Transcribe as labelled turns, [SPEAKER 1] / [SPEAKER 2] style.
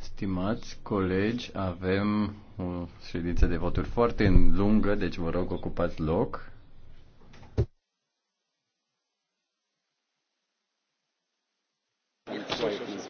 [SPEAKER 1] Stimați colegi, avem o ședință de voturi foarte lungă, deci vă rog ocupați loc.